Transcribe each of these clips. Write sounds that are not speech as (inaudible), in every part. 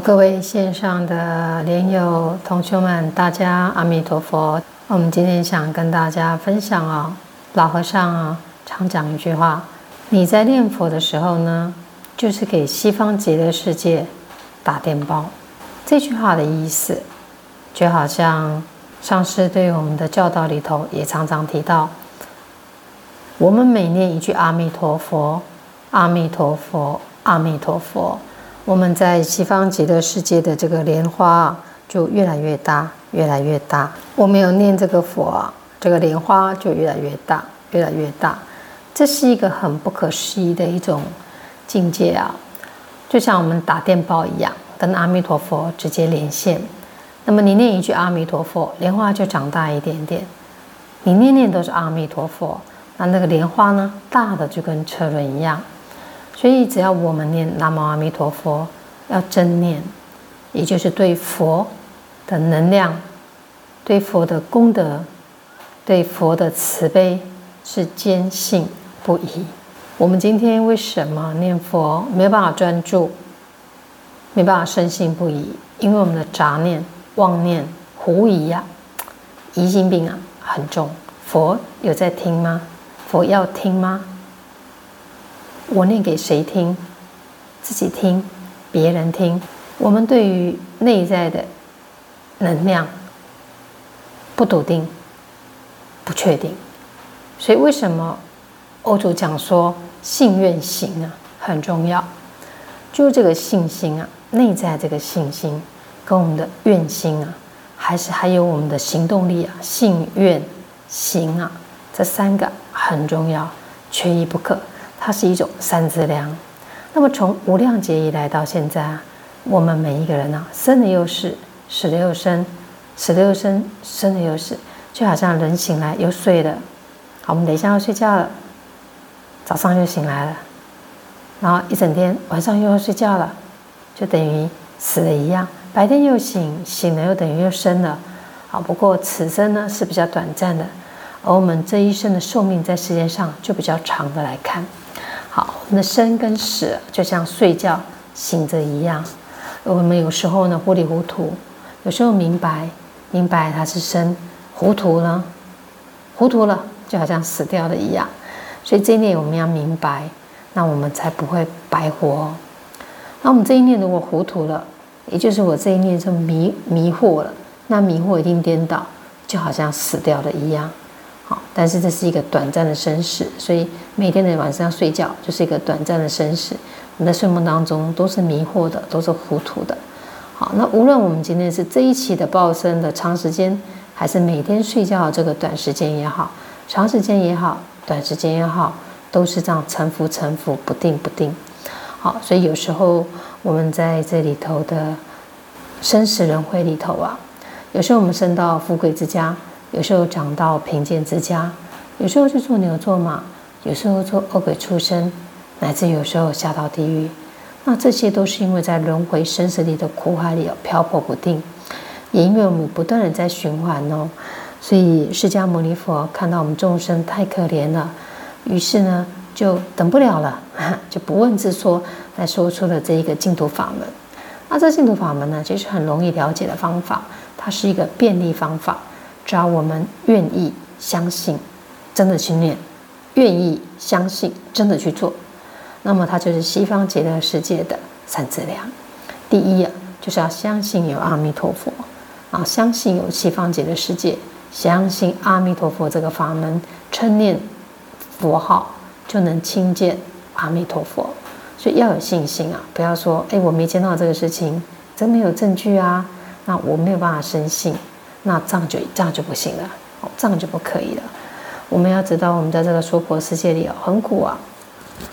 各位線上的蓮友、同學們，大家阿彌陀佛！我們今天想跟大家分享啊，老和尚啊常講一句話：你在念佛的時候呢，就是給西方極樂世界打電報。這句話的意思，就好像上師對我們的教導裡頭也常常提到：我們每念一句阿彌陀佛、阿彌陀佛、阿彌陀佛。我們在西方極樂世界的這個蓮花就越來越大，越來越大。我沒有念這個佛啊，這個蓮花就越來越大，越來越大。這是一個很不可思議的一種境界啊，就像我們打電報一樣，跟阿彌陀佛直接連線。那麼你念一句阿彌陀佛，蓮花就長大一點點；你念念都是阿彌陀佛，那那個蓮花呢，大的就跟車輪一樣。所以，只要我們念“南無阿彌陀佛”，要真念，也就是對佛的能量、對佛的功德、對佛的慈悲是堅信不疑。我們今天為什麼念佛沒有辦法專注、沒辦法深信不疑？因為我們的雜念、妄念、狐疑呀、啊、疑心病啊很重。佛有在聽嗎？佛要聽嗎？我念給誰聽？自己聽，別人聽。我們對於內在的能量不篤定、不確定，所以為什麼歐洲講說信願行啊很重要？就這個信心啊，內在這個信心，跟我們的願心啊，還是還有我們的行動力啊，信願行啊，這三個很重要，缺一不可。它是一種三資糧。那麼從無量劫以來到現在啊，我們每一個人呢、啊，生的又死，死的又生，死的又生，生的又死，就好像人醒來又睡了。好，我們等一下要睡覺了，早上又醒來了，然後一整天晚上又要睡覺了，就等於死了一樣。白天又醒，醒了又等於又生了。好，不過此生呢是比較短暫的，而我們這一生的壽命在時間上就比較長的來看。好，我們的生跟死就像睡覺、醒着一樣。我們有時候呢糊里糊塗，有時候明白明白它是生，糊塗了，糊塗了就好像死掉了一樣。所以這一念我們要明白，那我們才不會白活哦。那我們這一念如果糊塗了，也就是我這一念就迷迷惑了，那迷惑一定顛倒，就好像死掉了一樣。但是這是一個短暫的生死，所以每天的晚上睡覺就是一個短暫的生死。我們在睡夢當中都是迷惑的，都是糊塗的。好，那無論我們今天是這一期的報生的長時間，還是每天睡覺這個短時間也好，長時間也好，短時間也好，都是這樣沉浮沉浮，不定不定。好，所以有時候我們在這裡頭的生死輪回裡頭啊，有時候我們生到富貴之家。有時候長到貧賤之家，有時候去做牛做馬，有時候做惡鬼出身，乃至有時候下到地獄。那這些都是因為在輪迴生死裡的苦海裡漂泊不定，也因為我們不斷的在循環哦。所以釋迦牟尼佛看到我們眾生太可憐了，於是呢就等不了了，就不問自說來說出了這一個淨土法門。那這淨土法門呢，其實很容易了解的方法，它是一個便利方法。只要我們願意相信，真的去念，願意相信真的去做，那麼它就是西方極樂世界的三資糧。第一啊，就是要相信有阿彌陀佛啊，相信有西方極樂世界，相信阿彌陀佛這個法門，稱念佛號就能親見阿彌陀佛。所以要有信心啊，不要說哎、欸，我沒見到這個事情，真沒有證據啊，那我沒有辦法深信。那這樣就這樣就不行了，這樣就不可以了。我們要知道，我們在這個娑婆世界裡很苦啊，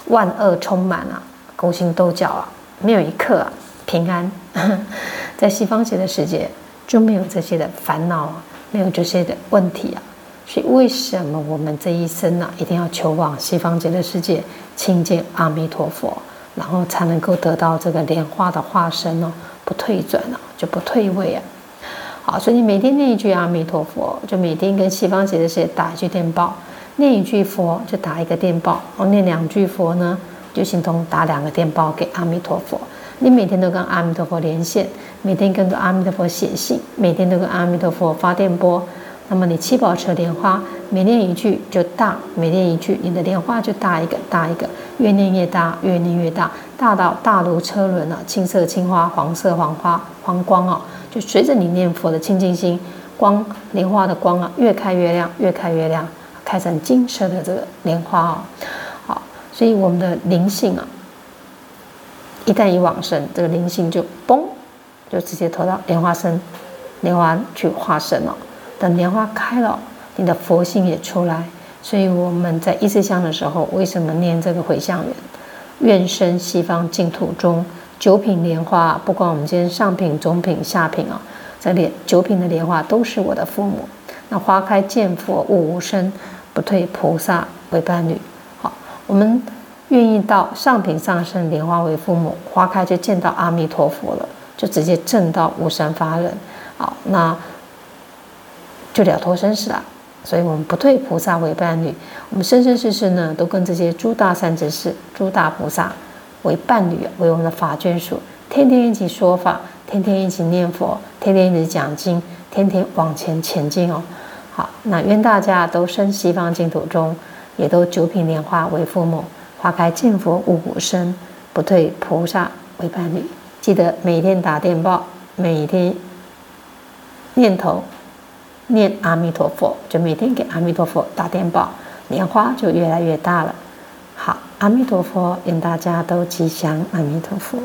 萬惡充滿了啊，勾心鬥角啊，沒有一刻啊平安。 (laughs) 在西方極樂世界就沒有這些的煩惱啊，沒有這些的問題啊。所以為什麼我們這一生呢啊，一定要求往西方極樂世界親近阿彌陀佛，然後才能夠得到這個蓮花的化身呢啊？不退轉啊，就不退位啊。好，所以你每天念一句阿彌陀佛，就每天跟西方極樂世界打一句電報；念一句佛就打一個電報，念兩句佛呢，就形同打兩個電報給阿彌陀佛。你每天都跟阿彌陀佛連線，每天跟着阿彌陀佛寫信，每天都跟阿彌陀佛發電波。那麼你七寶車蓮花，每念一句就大，每念一句你的蓮花就大一個大一個，越念越大，越念越大，越念越大，大到大如車輪了。青色青花，黃色黃花，黃光哦。就隨着你念佛的清淨心，光蓮花的光啊，越開越亮，越開越亮，開成金色的這個蓮花哦，好，所以我們的靈性啊，一旦已往生，這個靈性就嘣，就直接投到蓮花身，蓮花去化生了、哦。等蓮花開了，你的佛性也出來。所以我們在一次香的時候，為什麼念這個回向文？願生西方淨土中。九品蓮花，不管我們今天上品、中品、下品啊，這蓮九品的蓮花都是我的父母。那花開見佛，悟無生，不退菩薩為伴侶。好，我們願意到上品上生蓮花為父母，花開就見到阿彌陀佛了，就直接證到無生法忍。好，那就了脫生死了。所以我們不退菩薩為伴侶，我們生生世世呢，都跟這些諸大善知識、諸大菩薩。為伴侶，為我們的法眷屬，天天一起說法，天天一起念佛，天天一起講經，天天往前前進哦。好，那願大家都生西方淨土中，也都九品蓮花為父母，花開見佛悟，無生，不退菩薩為伴侶。記得每天打電報，每天念頭念阿彌陀佛，就每天給阿彌陀佛打電報，蓮花就越來越大了。阿彌陀佛，願大家都吉祥！阿彌陀佛。